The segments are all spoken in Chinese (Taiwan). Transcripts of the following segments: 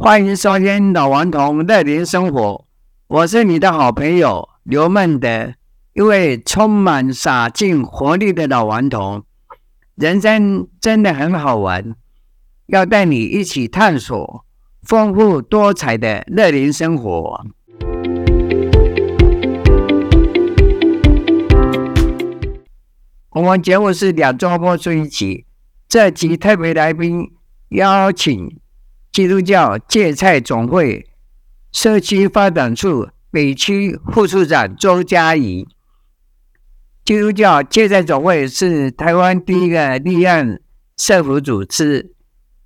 歡迎收聽《老頑童樂齡生活》，我是你的好朋友劉孟德，一位充滿灑勁活力的老頑童。人生真的很好玩，要帶你一起探索豐富多彩的樂齡生活。嗯、我們節目是兩週播出一集，這集特別來賓邀請。基督教芥菜種會社區發展處北區副處長周佳儀。基督教芥菜種會是台灣第一個立案社福組織，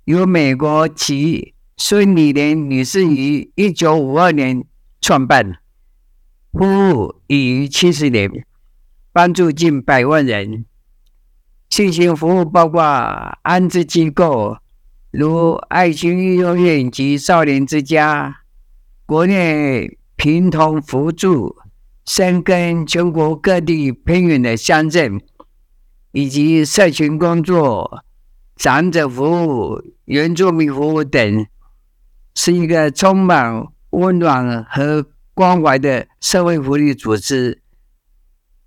由美國籍孫理蓮女士於一九五二年創辦，服務已逾七十年，幫助近百萬人。信息服務包括安置機構。如愛心育幼院及少年之家、國內貧童扶助，深耕全國各地偏遠的鄉鎮，以及社群工作、長者服務、原住民服務等，是一個充滿溫暖和關懷的社會福利組織。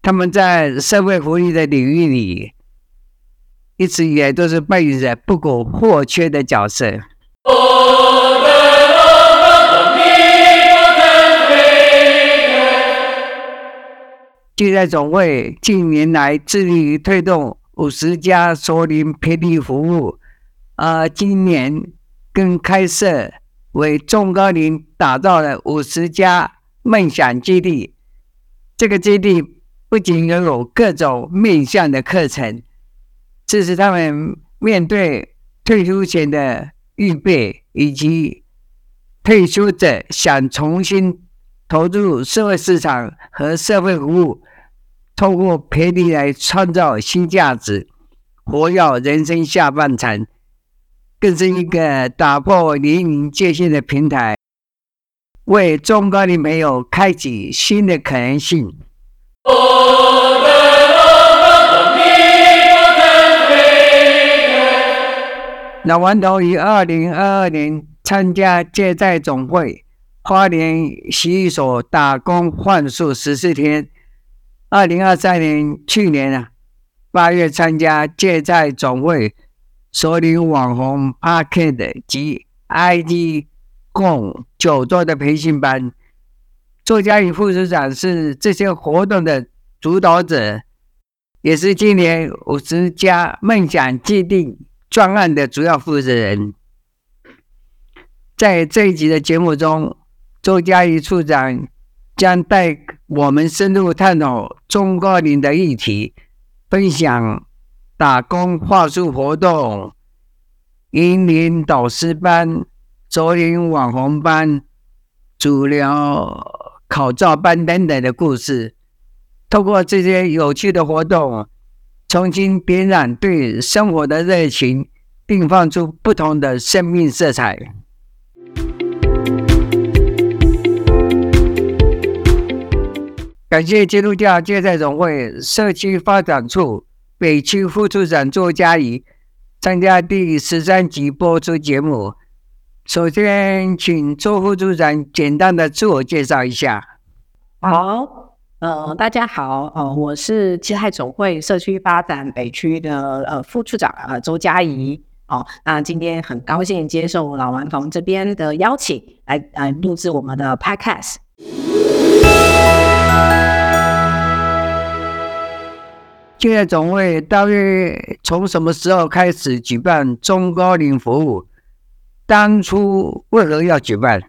他們在社會福利的領域裡。一直以來都是扮演着不可或缺的角色。芥菜種會近年來致力於推動 50+ 熟齡培力服務，而今年更開設為中高齡打造了 50+ 夢想基地。這個基地不僅擁有各種面向的課程。這是他們面對退休前的預備，以及退休者想重新投入社會市場和社會服務，通過培力來創造新價值，活躍人生下半場，更是一個打破年齡界限的平台，為中高齡朋友開啟新的可能性。哦老頑童於二零二二年參加芥菜種會花蓮習藝所打工換宿十四天。二零二三年去年啊，八月參加芥菜種會熟齡網紅 park t 及 ID 共九座的培訓班。周佳儀副處長是這些活動的主導者，也是今年五十加夢想基地。專案的主要負責人，在這一集的節目中，周佳儀處長將帶我們深入探討中高齡的議題，分享打工換宿活動、銀領導師班、熟齡網紅班、足療考照班等等的故事。通過這些有趣的活動。重新點燃對生活的熱情，並放出不同的生命色彩。感謝基督教芥菜種會社區發展處北區副處長周佳儀參加第十三集播出節目。首先，請周副處長簡單的自我介紹一下。好。呃，大家好，呃，我是芥菜種會社區發展北區的呃副處長呃周佳儀，哦、呃，那今天很高興接受老頑童這邊的邀請來，來、呃、來錄製我們的 Podcast。芥菜種會大約從什麼時候開始舉辦中高齡服務？當初為何要舉辦？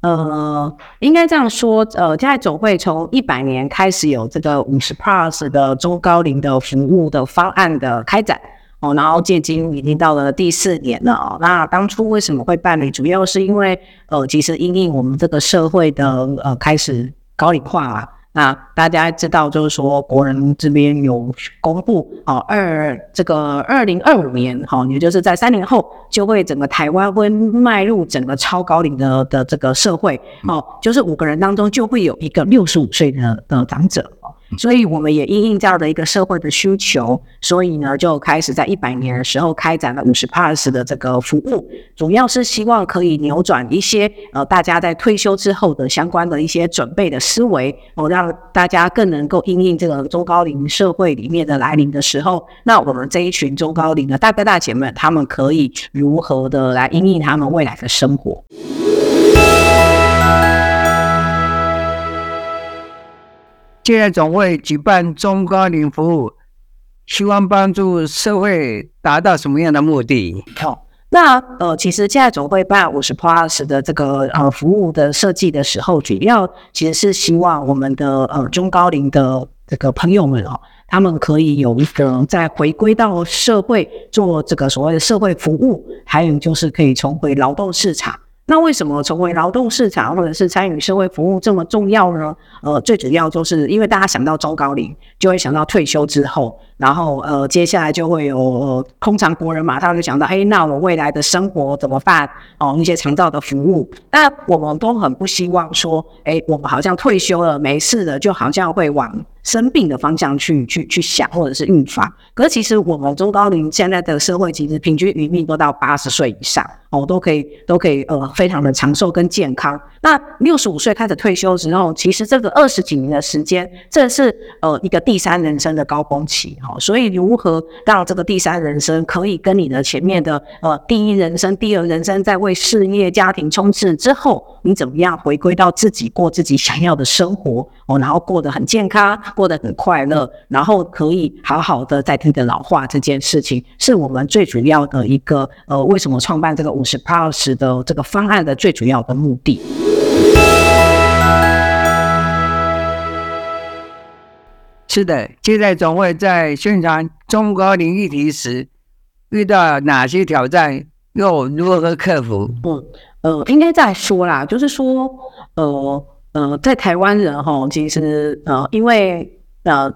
呃，應該這樣說，呃，現在總會從一百年開始有這個五十 plus 的中高齡的服務的方案的開展，哦，然後現今已經到了第四年了。哦，那當初為什麼會辦理？主要是因為，呃，其實因應我們這個社會的呃開始高齡化啊。那、啊、大家知道，就是說，國人這邊有公布，哦、啊、二這個二零二五年，好、啊，也就是在三年後，就會整個台灣會邁入整個超高齡的的這個社會，哦、啊，就是五個人當中就會有一個六十五歲的的長者。所以我們也因應這樣的一個社會的需求，所以呢，就開始在一百年的時候開展了五十 plus 的這個服務，主要是希望可以扭轉一些呃大家在退休之後的相關的一些準備的思維，哦、呃，讓大家更能夠因應這個中高齡社會裡面的來臨的時候，那我們這一群中高齡的大哥大姐們，他們可以如何的來因應他們未來的生活？嗯現在總會舉辦中高齡服務，希望幫助社會達到什麼樣的目的？好、哦，那呃，其實現在總會辦五十 plus 的這個呃服務的設計的時候，主要其實是希望我們的呃中高齡的這個朋友們哦，他們可以有一個再回歸到社會做這個所謂的社會服務，還有就是可以重回勞動市場。那為什麼成為勞動市場或者是參與社會服務這麼重要呢？呃，最主要就是因為大家想到中高齡，就會想到退休之後。然後，呃，接下來就會有，呃，通常國人馬上就想到，哎，那我未來的生活怎麼辦？哦，一些長照的服務，那我們都很不希望說，哎，我們好像退休了沒事了，就好像會往生病的方向去去去想或者是預防。可是其實我們中高齡現在的社會其實平均餘命都到八十歲以上，哦，都可以都可以，呃，非常的長壽跟健康。那六十五歲開始退休之後，其實這個二十幾年的時間，這是呃一個第三人生的高峰期啊。所以，如何讓這個第三人生可以跟你的前面的呃第一人生、第二人生在為事業、家庭衝刺之後，你怎麼樣回歸到自己過自己想要的生活哦，然後過得很健康，過得很快樂，然後可以好好的在應對老化這件事情，是我們最主要的一個呃，為什麼創辦這個五十 plus 的這個方案的最主要的目的。是的，現在總會在宣傳中高齡議題時遇到哪些挑戰，又如何克服？嗯，呃，應該再說啦，就是說，呃，呃，在台灣人哈，其實呃，因為呃，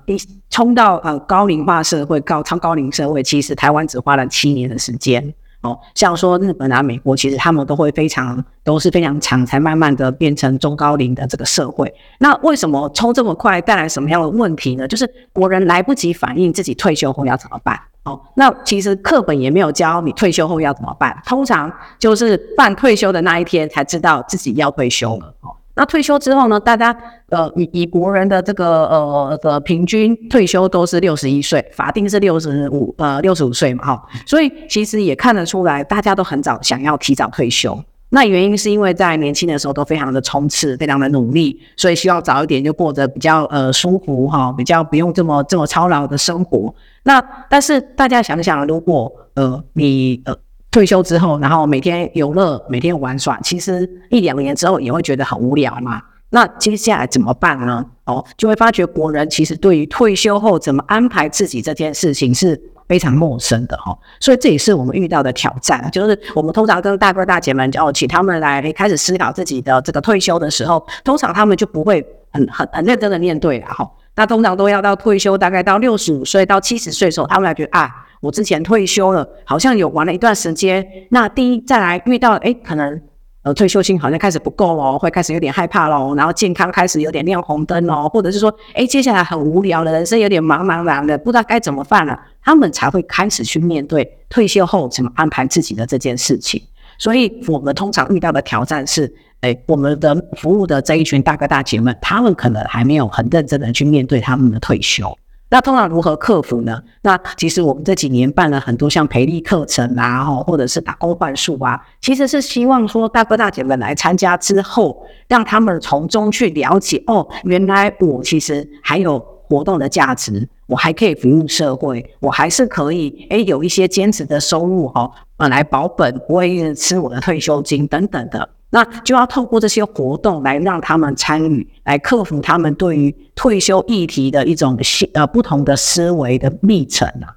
衝到呃高齡化社會、高超高齡社會，其實台灣只花了七年的時間。嗯。哦，像說日本啊、美國，其實他們都會非常都是非常長，才慢慢的變成中高齡的這個社會。那為什麼衝這麼快帶來什麼樣的問題呢？就是國人來不及反應自己退休後要怎麼辦。哦，那其實課本也沒有教你退休後要怎麼辦，通常就是辦退休的那一天才知道自己要退休了。哦那退休之後呢？大家呃，以以國人的這個呃的、呃、平均退休都是六十一歲，法定是六十五呃六十五歲嘛，哈。所以其實也看得出來，大家都很早想要提早退休。那原因是因為在年輕的時候都非常的衝刺，非常的努力，所以希望早一點就過着比較呃舒服哈，比較不用這麼這麼操勞的生活。那但是大家想不想，如果呃你呃。你呃退休之後，然後每天遊樂，每天玩耍，其實一兩年之後也會覺得很無聊嘛。那接下來怎麼辦呢？哦，就會發覺國人其實對於退休後怎麼安排自己這件事情是非常陌生的哈。所以這也是我們遇到的挑戰，就是我們通常跟大哥大姐們哦，請他們來開始思考自己的這個退休的時候，通常他們就不會很很很認真的面對了哈。那通常都要到退休，大概到六十五歲到七十歲的時候，他們來覺得啊。我之前退休了，好像有玩了一段時間。那第一再來遇到，誒，可能呃退休金好像開始不夠哦，會開始有點害怕嘍。然後健康開始有點亮紅燈哦，或者是說，誒，接下來很無聊的人,人生有點茫茫然的，不知道該怎麼辦了。他們才會開始去面對退休後怎麼安排自己的這件事情。所以，我們通常遇到的挑戰是，誒，我們的服務的這一群大哥大姐們，他們可能還沒有很認真的去面對他們的退休。那通常如何克服呢？那其實我們這幾年辦了很多像培力課程啊，或者是打工換宿啊，其實是希望說大哥大姐們來參加之後，讓他們從中去了解哦，原來我其實還有活動的價值，我還可以服務社會，我還是可以誒有一些兼職的收入哈、哦，來保本，不會吃我的退休金等等的。那就要透過這些活動來讓他們參與，來克服他們對於退休議題的一種思呃不同的思維的歷程啊。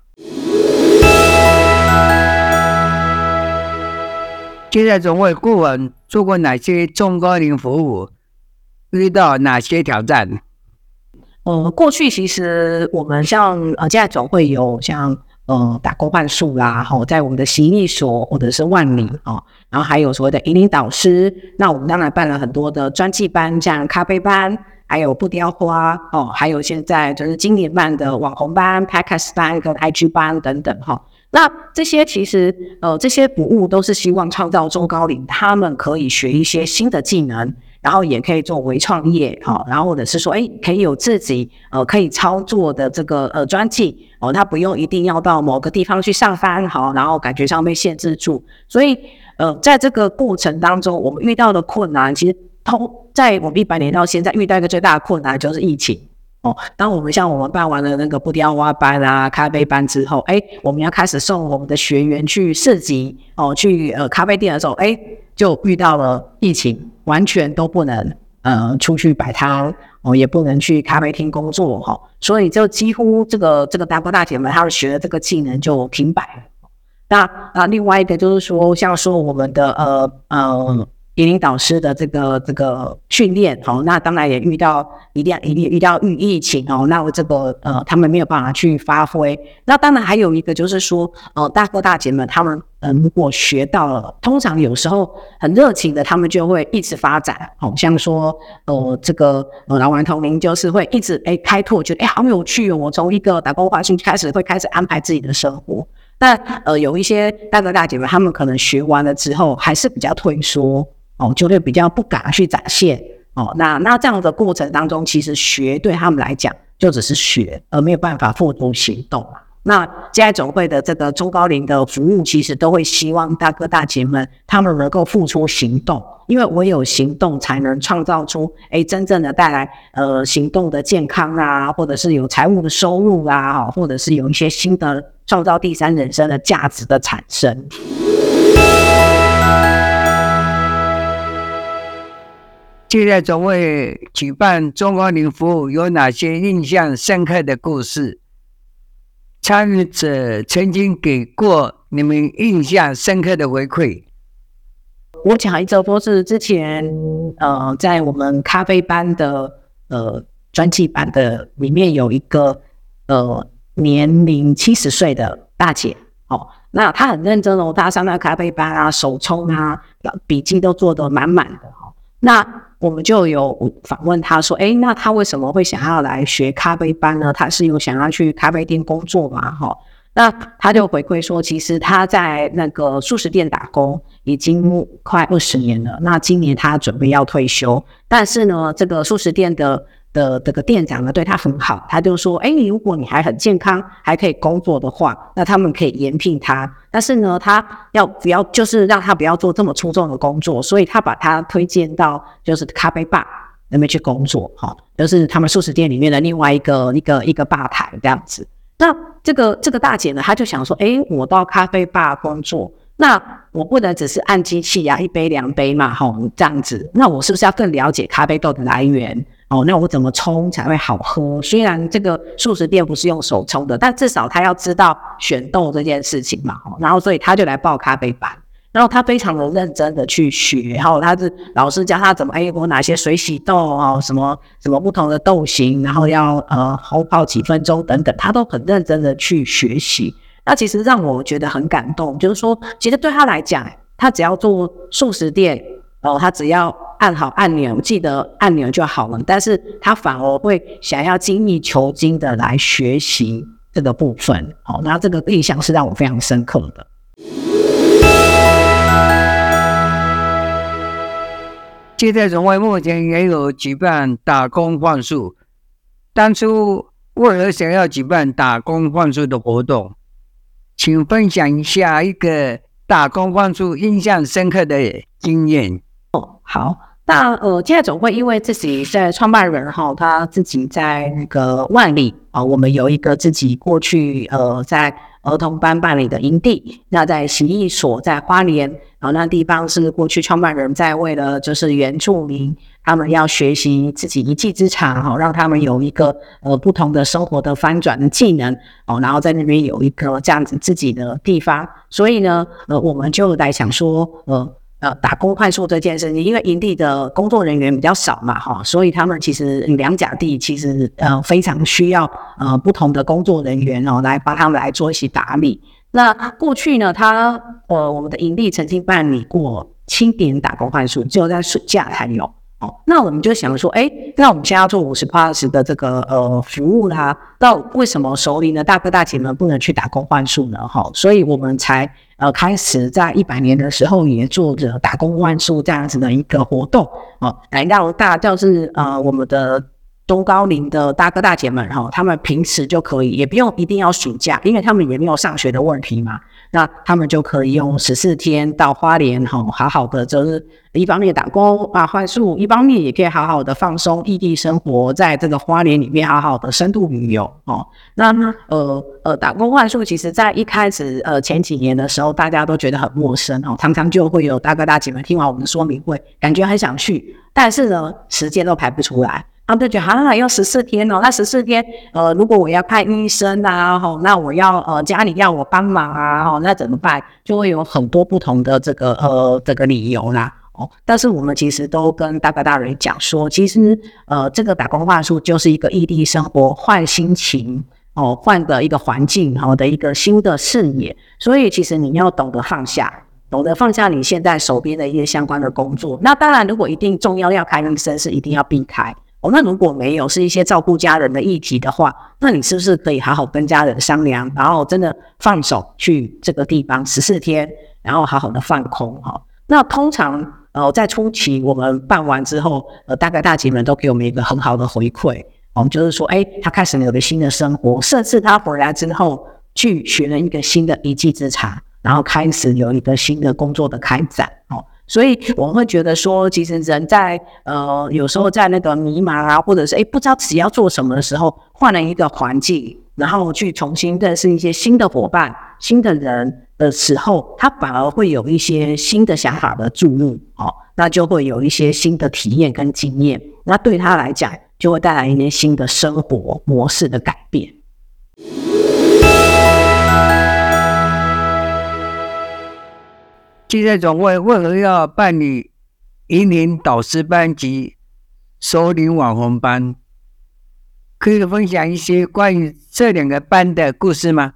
芥菜種會顧問做過哪些中高齡服務？遇到哪些挑戰？呃、哦，過去其實我們像呃，芥菜種會有像。呃，打工換宿啦，哈、哦，在我們的習藝所或者是萬里啊、哦，然後還有所謂的銀領導師。那我們當然辦了很多的專技班，像咖啡班，還有布雕花哦，還有現在就是今年辦的網紅班、Podcast 跟 IG 班等等哈、哦。那這些其實呃，這些服務都是希望創造中高齡他們可以學一些新的技能。然後也可以做微創業，哈、嗯哦，然後或者是說，哎、欸，可以有自己呃可以操作的這個呃專輯哦，他不用一定要到某個地方去上班，哈、哦，然後感覺上被限制住。所以，呃，在這個過程當中，我們遇到的困難，其實通在我們一百年到現在遇到一個最大的困難就是疫情。哦，當我們像我們辦完了那個布雕班啊、咖啡班之後，哎，我們要開始送我們的學員去市集哦，去呃咖啡店的時候，哎，就遇到了疫情，完全都不能呃出去擺攤，哦，也不能去咖啡廳工作哈、哦，所以就幾乎這個這個大哥大姐們她們學的這個技能就停擺了。那，那另外一個就是說，像說我們的呃呃。呃銀領導師的這個這個訓練，好，那當然也遇到一定一定遇到遇疫情哦，那我這個呃，他們沒有辦法去發揮。那當然還有一個就是說，哦、呃，大哥大姐們，他們呃，如果學到了，通常有時候很熱情的，他們就會一直發展，好、哦、像說呃，這個呃，老頑童您就是會一直誒、欸、開拓，覺得哎、欸、好有趣哦。我從一個打工換宿開始，會開始安排自己的生活。但呃，有一些大哥大姐們，他們可能學完了之後，還是比較退縮。哦，就會比較不敢去展現哦。那那這樣的過程當中，其實學對他們來講，就只是學，而沒有辦法付出行動嘛。那芥菜種會的這個中高齡的服務，其實都會希望大哥大姐們他們能夠付出行動，因為唯有行動，才能創造出哎真正的帶來呃行動的健康啊，或者是有財務的收入啊，或者是有一些新的創造第三人生的價值的產生。嗯現在總會舉辦中高齡服務，有哪些印象深刻的故事？參與者曾經給過你們印象深刻的回饋？我講一則故事。之前，呃，在我們咖啡班的呃專技班的裡面，有一個呃年齡七十歲的大姐，哦，那她很認真哦，她上那咖啡班啊，手沖啊，筆記都做得滿滿的。那我們就有訪問他說，哎，那他為什麼會想要來學咖啡班呢？他是有想要去咖啡店工作嘛？哈，那他就回饋說，其實他在那個素食店打工已經快二十年了，那今年他準備要退休，但是呢，這個素食店的。的這個店長呢，對他很好，他就說：“哎，如果你還很健康，還可以工作的話，那他們可以延聘他。但是呢，他要不要就是讓他不要做這麼粗重的工作？所以他把他推薦到就是咖啡吧那邊去工作，哈、哦，就是他們素食店裡面的另外一個一個一個吧台這樣子。那這個這個大姐呢，她就想說：，哎，我到咖啡吧工作，那我不能只是按機器呀、啊，一杯兩杯嘛，哈、哦，這樣子。那我是不是要更了解咖啡豆的來源？”那我怎麼沖才會好喝？雖然這個素食店不是用手沖的，但至少他要知道選豆這件事情嘛。然後，所以他就來報咖啡班，然後他非常的認真的去學。然後他是老師教他怎麼，哎，我哪些水洗豆啊，什麼什麼不同的豆型，然後要呃烘泡幾分鐘等等，他都很認真的去學習。那其實讓我覺得很感動，就是說，其實對他來講，他只要做素食店，哦，他只要按好按鈕，記得按鈕就好了。但是他反而會想要精益求精的來學習這個部分。好、哦，那這個印象是讓我非常深刻的。芥菜種會目前也有舉辦打工換宿，當初為何想要舉辦打工換宿的活動？請分享一下一個打工換宿印象深刻的經驗。哦、好，那呃，現在總會因為自己在創辦人哈、哦，他自己在那個萬里啊、哦，我們有一個自己過去呃，在兒童班辦理的營地，那在習藝所在花蓮啊、哦，那地方是過去創辦人在為了就是原住民他們要學習自己一技之長哈、哦，讓他們有一個呃不同的生活的翻轉的技能哦，然後在那邊有一個這樣子自己的地方，所以呢，呃，我們就在想說呃。呃，打工換宿這件事情，因為營地的工作人員比較少嘛，哈，所以他們其實兩甲地其實呃非常需要呃不同的工作人員哦，來幫他們來做一些打理。那過去呢，他呃我們的營地曾經辦理過清點打工換宿，只有在暑假才有。那我們就想說，誒、欸，那我們現在要做五十 plus 的這個呃服務啦，那為什麼熟齡呢大哥大姐們不能去打工換宿呢？哈、哦，所以我們才呃開始在一百年的時候也做着打工換宿這樣子的一個活動哦，來讓大家就是呃，我們的。中高齡的大哥大姐們、哦，哈，他們平時就可以，也不用一定要暑假，因為他們也沒有上學的問題嘛。那他們就可以用十四天到花蓮，哈，好好的就是一方面打工啊換宿，一方面也可以好好的放鬆，異地生活在這個花蓮裡面好好的深度旅遊，哦。那呃呃，打、呃、工換宿其實，在一開始呃前幾年的時候，大家都覺得很陌生，哦，常常就會有大哥大姐們聽完我們的說明會，感覺很想去，但是呢，時間都排不出來。啊對就好好、啊、要十四天哦。那十四天，呃，如果我要看醫生啊，吼、哦，那我要呃家裡要我幫忙啊，吼、哦，那怎麼辦？就會有很多不同的這個呃這個理由啦，哦。但是我們其實都跟大哥大人講說，其實呃這個打工換宿就是一個異地生活換心情哦，換的一個環境哦的一個新的視野。所以其實你要懂得放下，懂得放下你現在手邊的一些相關的工作。那當然，如果一定重要要看醫生，是一定要避開。哦、那如果沒有是一些照顧家人的議題的話，那你是不是可以好好跟家人商量，然後真的放手去這個地方十四天，然後好好的放空哈、哦。那通常呃在初期我們辦完之後，呃大概大姐們都給我們一個很好的回饋，們、哦、就是說哎他開始了有了新的生活，甚至他回來之後去學了一個新的一技之長，然後開始有一個新的工作的開展哦。所以我們會覺得說，其實人在呃有時候在那個迷茫啊，或者是誒不知道自己要做什麼的時候，換了一個環境，然後去重新認識一些新的夥伴、新的人的時候，他反而會有一些新的想法的注入，哦，那就會有一些新的體驗跟經驗，那對他來講就會帶來一些新的生活模式的改變。 芥菜種會為何要辦理銀領導師班及、熟齡網紅班？可以分享一些關於這兩個班的故事嗎？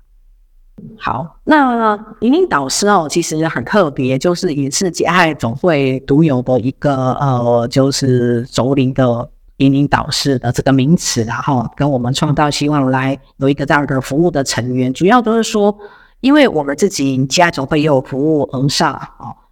好，那呃、銀領導師哦，其實很特別，就是也是芥菜種會獨有的一個呃，就是熟齡的銀領導師的這個名詞，然後跟我們創造希望來有一個這樣的服務的成員，主要都是說。因為我們自己芥菜種會也有服務兒少啊，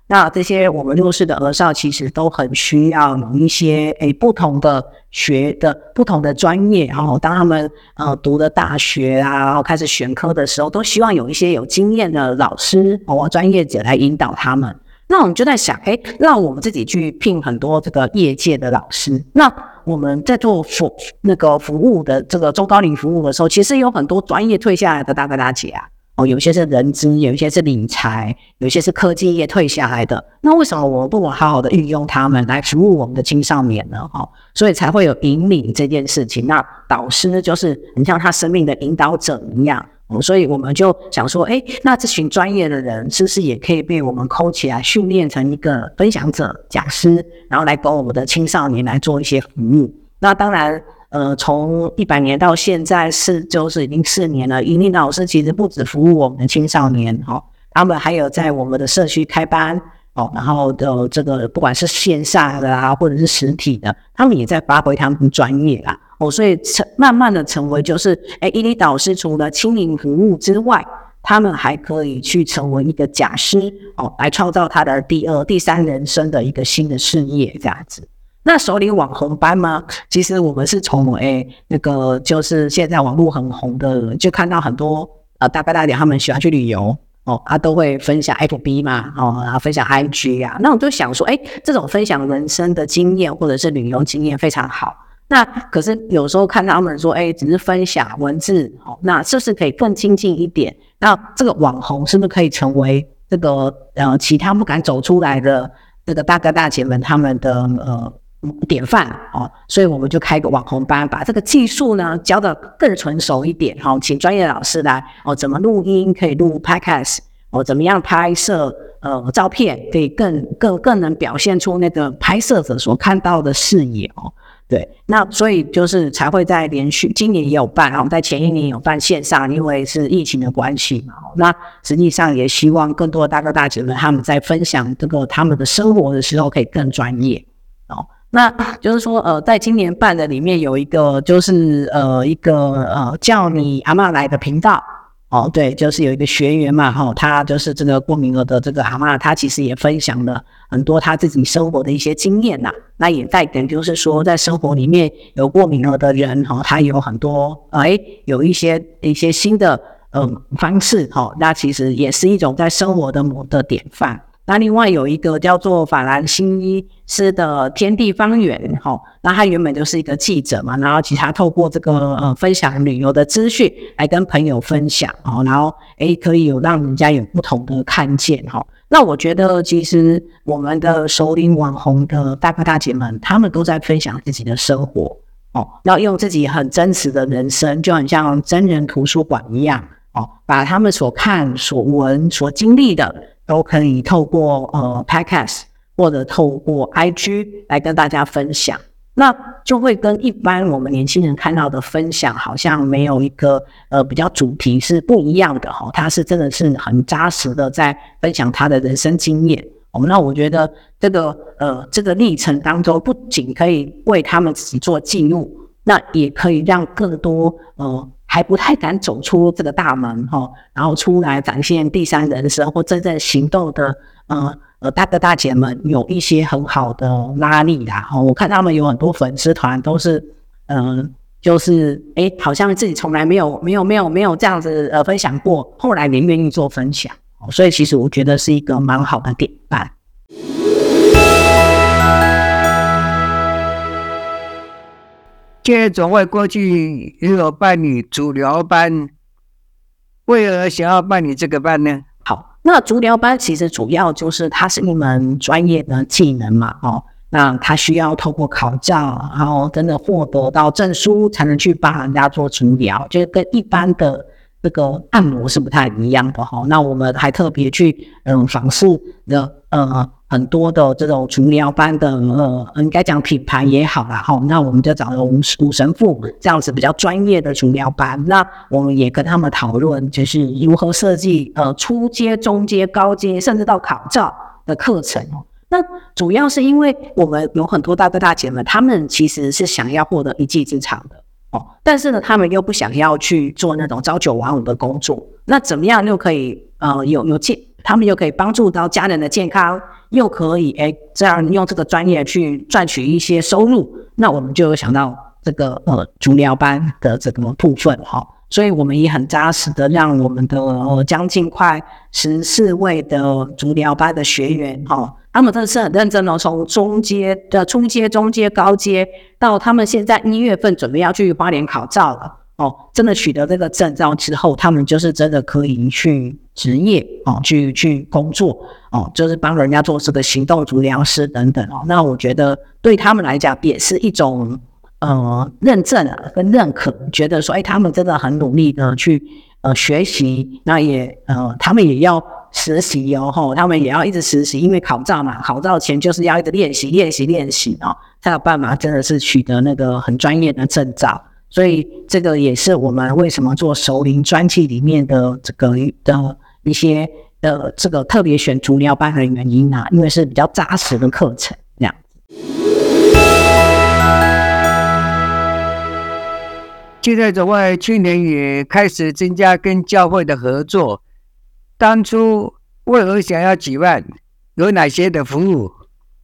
那這些我們弱勢的兒少其實都很需要有一些誒不同的學的不同的專業，然後當他們呃讀的大學啊，然後開始選科的時候，都希望有一些有經驗的老師或專業者來引導他們。那我們就在想，誒，讓我們自己去聘很多這個業界的老師。那我們在做服那個服務的這個中高齡服務的時候，其實有很多專業退下來的大哥大姐啊。哦，有些是人資，有一些是理財，有一些是科技業退下來的。那為什麼我不能好好的運用他們來服務我們的青少年呢？哦，所以才會有銀領這件事情。那導師就是很像他生命的引導者一樣。所以我們就想說，哎、欸，那這群專業的人是不是也可以被我們摳起來訓練成一個分享者、講師，然後來跟我們的青少年來做一些服務？那當然。呃，從一百年到現在是就是已經四年了。銀領老師其實不止服務我們的青少年，哦，他們還有在我們的社區開班，哦，然後的這個不管是線下的啊，或者是實體的，他們也在發揮他們專業啦，哦，所以成慢慢的成為就是，哎、欸，銀領導師除了青年服務之外，他們還可以去成為一個講師，哦，來創造他的第二、第三人生的一個新的事業這樣子。那熟齡網紅班嗎？其實我們是從哎那個就是現在網絡很紅的，就看到很多呃大哥大姐他們喜歡去旅遊哦，啊都會分享 FB 嘛，哦然後、啊、分享 I G 啊，那我就想說，哎，這種分享人生的經驗或者是旅遊經驗非常好。那可是有時候看到他們說，哎，只是分享文字哦，那是不是可以更親近一點？那這個網紅是不是可以成為這個呃其他不敢走出來的這個大哥大姐們他們的呃？典範哦，所以我們就開個網紅班，把這個技術呢教得更成熟一點哈、哦，請專業老師來哦，怎麼錄音可以錄 podcast 哦，怎麼樣拍攝呃照片，可以更更更能表現出那個拍攝者所看到的視野哦，對，那所以就是才會在連續今年也有辦我們、哦、在前一年也有辦線上，因為是疫情的關係嘛、哦，那實際上也希望更多的大哥大姐們他們在分享這個他們的生活的時候可以更專業。那就是說，呃，在今年辦的裡面有一個，就是呃，一個呃叫“你阿嬤來的”頻道哦，對，就是有一個學員嘛，哈，他就是這個過敏兒的這個阿嬤，他其實也分享了很多他自己生活的一些經驗吶，那也帶給就是說，在生活裡面有過敏兒的人哈、哦，他有很多哎，有一些一些新的嗯方式哈、哦，那其實也是一種在生活的模的典範。那另外有一個叫做法蘭西醫師的天地方圓，哈，那他原本就是一個記者嘛，然後其實他透過這個呃分享旅遊的資訊來跟朋友分享，哦，然後哎可以有讓人家有不同的看見，哈。那我覺得其實我們的熟齡網紅的大哥大姐們，他們都在分享自己的生活，哦，然後用自己很真實的人生，就很像真人圖書館一樣，哦，把他們所看所聞所經歷的。都可以透過呃 Podcast 或者，透過 IG 來跟大家分享，那就會跟一般我們年輕人看到的分享好像沒有一個呃比較主題是不一樣的哈、哦，他是真的是很扎實的在分享他的人生經驗哦。那我覺得這個呃這個歷程當中，不僅可以為他們自己做記錄，那也可以讓更多呃。還不太敢走出這個大門哈，然後出來展現第三人生或真正行動的，呃呃大哥大姐們有一些很好的拉力啦。哦，我看他們有很多粉絲團都是，嗯、呃，就是哎、欸，好像自己從來沒有沒有沒有沒有這樣子呃分享過，後來也願意做分享，所以其實我覺得是一個蠻好的典範。芥菜種會過去有辦理足療班，為何想要辦理這個班呢？好，那足療班其實主要就是它是一門專業的技能嘛，哦，那它需要透過考照，然後等等獲得到證書，才能去幫人家做足療，就是跟一般的。這個按摩是不太一樣的哈。那我們還特別去，嗯、呃，訪視了，呃，很多的這種足療班的，呃，應該講品牌也好啦，哈。那我們就找了我們吳神父這樣子比較專業的足療班。那我們也跟他們討論，就是如何設計，呃，初階、中階、高階，甚至到考照的課程。那主要是因為我們有很多大哥大姐們，他們其實是想要獲得一技之長的。但是呢，他們又不想要去做那種朝九晚五的工作，那怎麼樣又可以呃，有有健，他們又可以幫助到家人的健康，又可以哎，這樣用這個專業去賺取一些收入，那我們就想到這個呃，足療班的這個部分哈。哦所以，我們也很扎實的讓我們的將近快十四位的足療班的學員，哈，他們真的是很認真哦，從中階的初階、中階、高階，到他們現在一月份準備要去花蓮考照了，哦，真的取得這個證照之後，他們就是真的可以去執業，哦，去去工作，哦，就是幫人家做這個行動足療師等等，哦，那我覺得對他們來講也是一種。呃，認證、啊、跟認可，覺得說，哎，他們真的很努力的去呃學習，那也呃，他們也要實習喲、哦，吼、哦，他們也要一直實習，因為考照嘛，考照前就是要一直練習，練習，練習哦，才有辦法真的是取得那個很專業的證照。所以這個也是我們為什麼做熟齡專輯裡面的這個的一些呃這個特別選足療班的原因啊，因為是比較扎實的課程這樣子。芥菜種會去年也開始增加跟教會的合作。當初為何想要舉辦？有哪些的服務？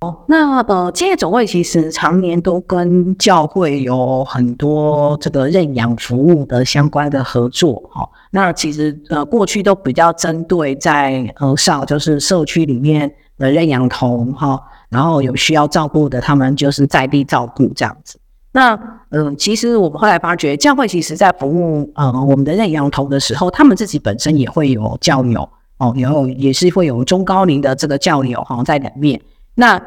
哦，那呃，芥菜種會其實常年都跟教會有很多這個認養服務的相關的合作。哈，那其實呃，過去都比較針對在兒少，就是社區裡面的認養童哈，然後有需要照顧的，他們就是在地照顧這樣子。那，嗯，其實我們後來發覺，教會其實在服務，呃，我們的認養童的時候，他們自己本身也會有教友，哦，然後也是會有中高齡的這個教友好像、哦、在裡面。那。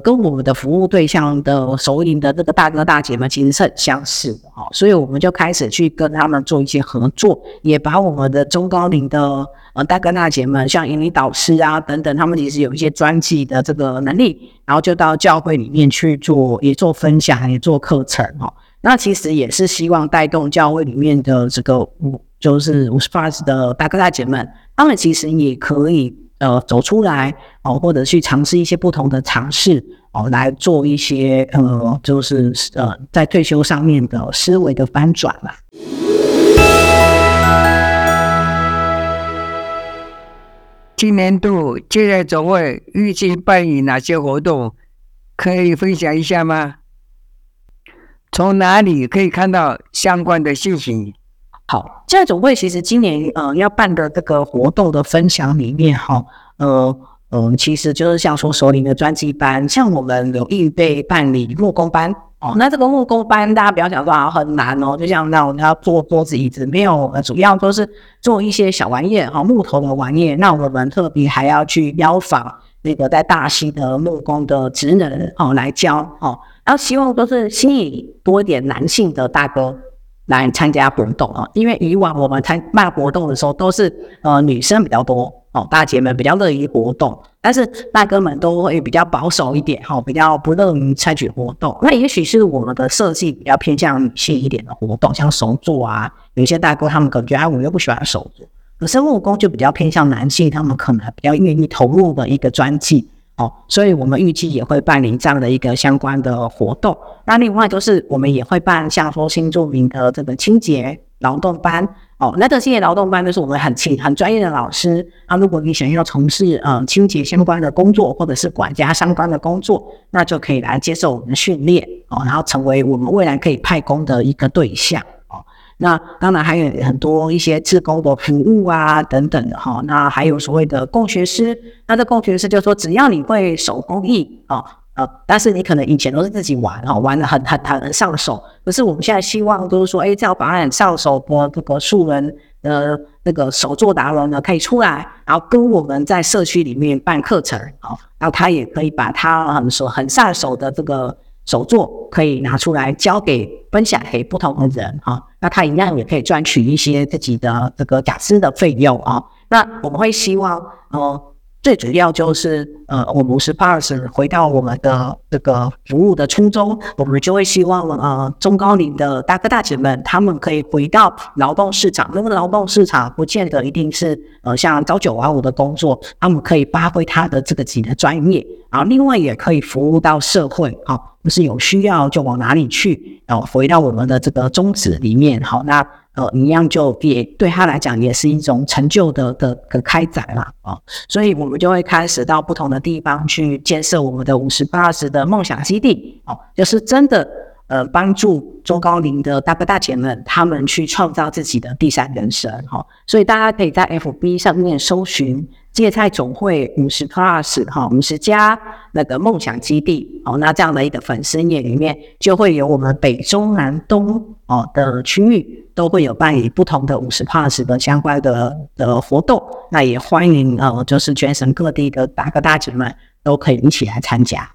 跟我們的服務對象的首領的這個大哥大姐們，其實是很相似的哈，所以我們就開始去跟他們做一些合作，也把我們的中高齡的呃大哥大姐們，像英語導師啊等等，他們其實有一些專輯的這個能力，然後就到教會裡面去做，也做分享，也做課程哈。那其實也是希望帶動教會裡面的這個五，就是五十 p l s 的大哥大姐們，他們其實也可以。呃，走出來哦，或者去嘗試一些不同的嘗試哦，來做一些呃，就是呃，在退休上面的思維的翻轉了、啊。今年度芥菜種會預計辦理哪些活動，可以分享一下嗎？從哪裡可以看到相關的信息？好，現在總會其實今年呃要辦的這個活動的分享裡面哈、哦，呃嗯、呃，其實就是像說銀領的專技班，像我們有預備辦理木工班哦。那這個木工班大家不要想說啊很難哦，就像那種要做桌子椅子，沒有，主要都是做一些小玩意兒哈、哦，木頭的玩意，那我們特別還要去邀訪那個在大溪的木工的職人哦來教哈、哦，然後希望都是吸引多一點男性的大哥。來參加活動啊！因為以往我們參辦活動的時候，都是呃女生比較多哦，大姐們比較樂於活動，但是大哥們都會比較保守一點哈、哦，比較不樂於參與活動。那也許是我們的設計比較偏向女性一點的活動，像手作啊，有些大哥他們可能覺得哎，我又不喜歡手作，可是木工就比較偏向男性，他們可能比較願意投入的一個專技。哦，所以我們預計也會辦理這樣的一個相關的活動。那另外就是，我們也會辦像說新住民的這個清潔勞動班。哦，那這些勞動班就是我們很請很專業的老師。啊，如果你想要從事呃清潔相關的工作，或者是管家相關的工作，那就可以來接受我們的訓練。哦，然後成為我們未來可以派工的一個對象。那當然還有很多一些志工的服務啊，等等的哈。那還有所謂的供學師，那這供學師就是說，只要你會手工藝啊，呃，但是你可能以前都是自己玩哦，玩得很很很上手。可是我們現在希望就是說，哎、欸，這要把很上手的這個素人，的那個手作達人呢，可以出來，然後跟我們在社區裡面辦課程，好，然後他也可以把他很說很上手的這個。手作可以拿出來交給分享給不同的人啊，那他一樣也可以賺取一些自己的這個講師的費用啊。那我們會希望哦。呃最主要就是，呃，我們是 pass、er、回到我們的這個服務的初衷，我們就會希望，呃，中高齡的大哥大姐們，他們可以回到勞動市場，那麼、個、勞動市場不見得一定是，呃，像朝九晚五的工作，他們可以發揮他的這個自己的專業，然後另外也可以服務到社會，好、啊，就是有需要就往哪裡去，然、啊、後回到我們的這個宗旨裡面，好，那。呃，你一樣就也對他來講也是一種成就的的的開展啦，啊、哦，所以我們就會開始到不同的地方去建設我們的 50+ 的夢想基地，哦，就是真的。呃，幫助中高齡的大哥大姐們，他們去創造自己的第三人生哈、哦。所以大家可以在 FB 上面搜尋“芥菜種會五十 Plus” 哈，五十加那個夢想基地哦。那這樣的一個粉絲頁裡面，就會有我們北中南東哦的區域都會有辦理不同的五十 Plus 的相關的的活動。那也歡迎呃，就是全省各地的大哥大姐們都可以一起來參加。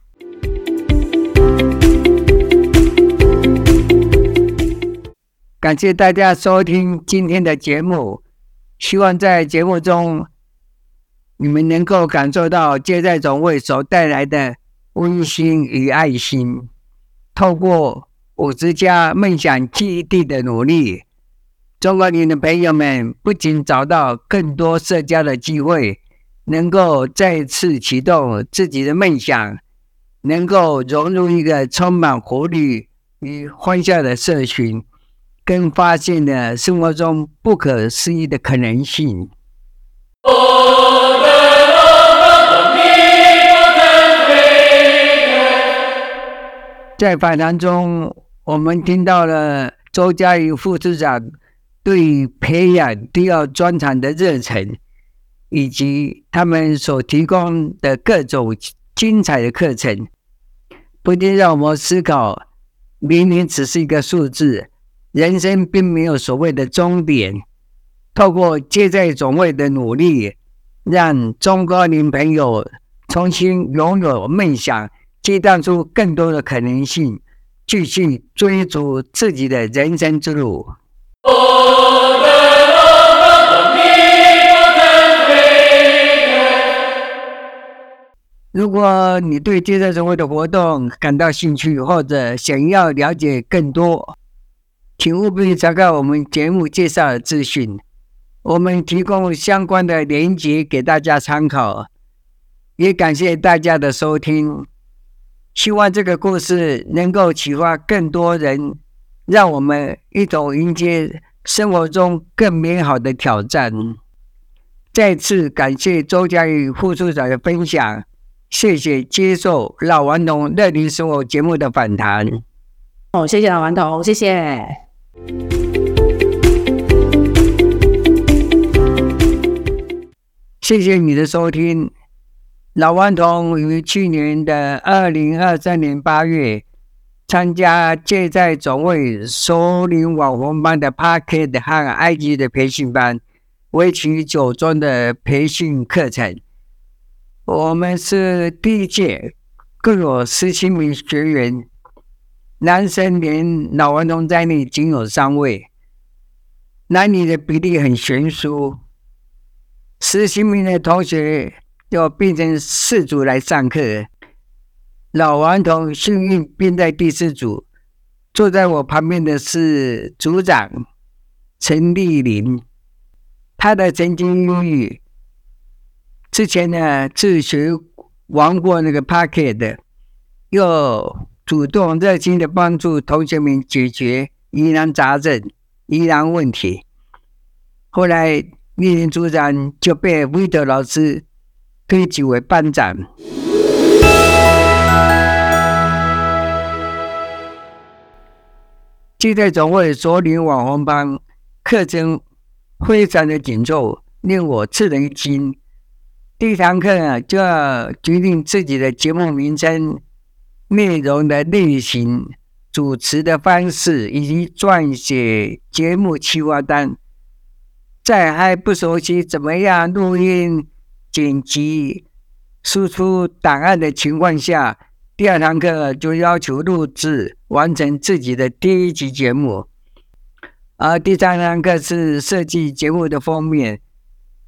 感謝大家收聽今天的節目，希望在節目中，你們能夠感受到“芥菜種會”所帶來的溫馨與愛心。透過 50+ 夢想基地的努力，中高齡的朋友們不僅找到更多社交的機會，能夠再次啟動自己的夢想，能夠融入一個充滿活力與歡笑的社群。更發現了生活中不可思議的可能性。在訪談中，我們聽到了周佳儀副處長對培養第二專長的熱忱，以及他們所提供的各種精彩的課程，不禁讓我們思考：明明只是一個數字。人生並沒有所謂的終點。透過芥菜種會的努力，讓中高齡朋友重新擁有夢想，激盪出更多的可能性，繼續追逐自己的人生之路。如果你對芥菜種會的活動感到興趣，或者想要了解更多，請務必查看我們節目介紹的資訊，我們提供相關的連結給大家參考。也感謝大家的收聽，希望這個故事能夠啟發更多人，讓我們一同迎接生活中更美好的挑戰。再次感謝周佳儀副處長的分享，謝謝接受老頑童樂齡生活節目的訪談。哦，謝謝老頑童，謝謝。謝謝你的收聽。老頑童於去年的二零二三年八月參加芥菜種會熟齡網紅班的帕克的和 IG 的培訓班，為期九週的培訓課程。我們是第一屆，共有十七名學員。男生連老頑童在內僅有三位，男女的比例很懸殊。十七名的同學要變成四組來上課，老頑童幸運編在第四組，坐在我旁邊的是組長陳麗玲，她的曾經英語之前呢自學玩過那個 Pocket，又主動熱心地幫助同學們解決疑難雜症、疑難問題。後來，麗林組長就被韋德老師推舉為班長。芥菜種會熟齡網紅班課程非常的緊湊，令我吃了一驚。第一堂課啊，就要決定自己的節目名稱。內容的類型、主持的方式以及撰寫節目企劃單，在還不熟悉怎麼樣錄音、剪輯、輸出檔案的情況下，第二堂課就要求錄製完成自己的第一集節目。而第三堂課是設計節目的封面、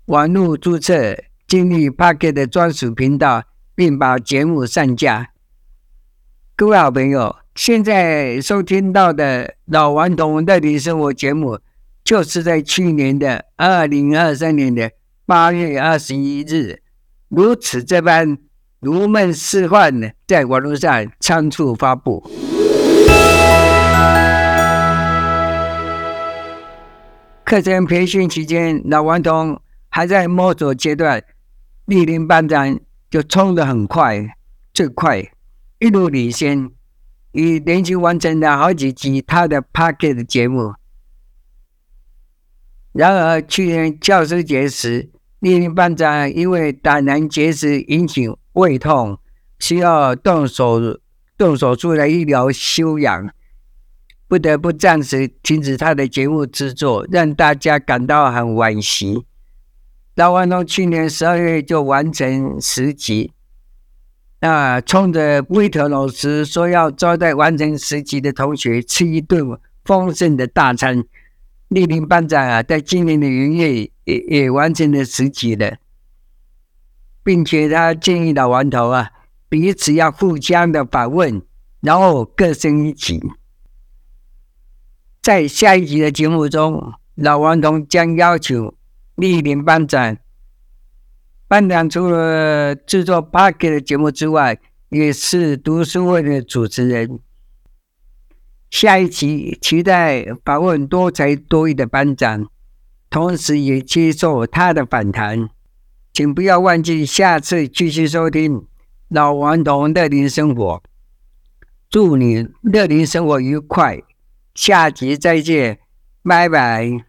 網絡註冊、建立 Podcast 的專屬頻道，並把節目上架。各位好朋友，現在收聽到的《老頑童樂理生活》節目，就是在去年的二零二三年的八月二十一日，如此這般如夢似幻，的在網絡上倉促發布。課程培訓期間，老頑童還在摸索階段，歷練班長就衝得很快，最快。一路領先，已連續完成了好幾集他的 Podcast 的節目。然而，去年教師節時，麗麗班長因為膽囊結石引起胃痛，需要動手動手術的醫療休養，不得不暫時停止他的節目製作，讓大家感到很惋惜。老萬東去年十二月就完成十集。啊，衝着威特老師說要招待完成十級的同學吃一頓豐盛的大餐。麗萍班長啊，在今年的營業也也完成了十級的，並且他建議老王頭啊，彼此要互相的訪問，然後各升一級。在下一集的節目中，老王頭將要求麗萍班長。班長除了製作 PARK 的節目之外，也是讀書會的主持人。下一期期待訪問多才多藝的班長，同時也接受他的訪談。請不要忘記下次繼續收聽老頑童樂齡生活。祝你樂齡生活愉快，下集再見，拜拜。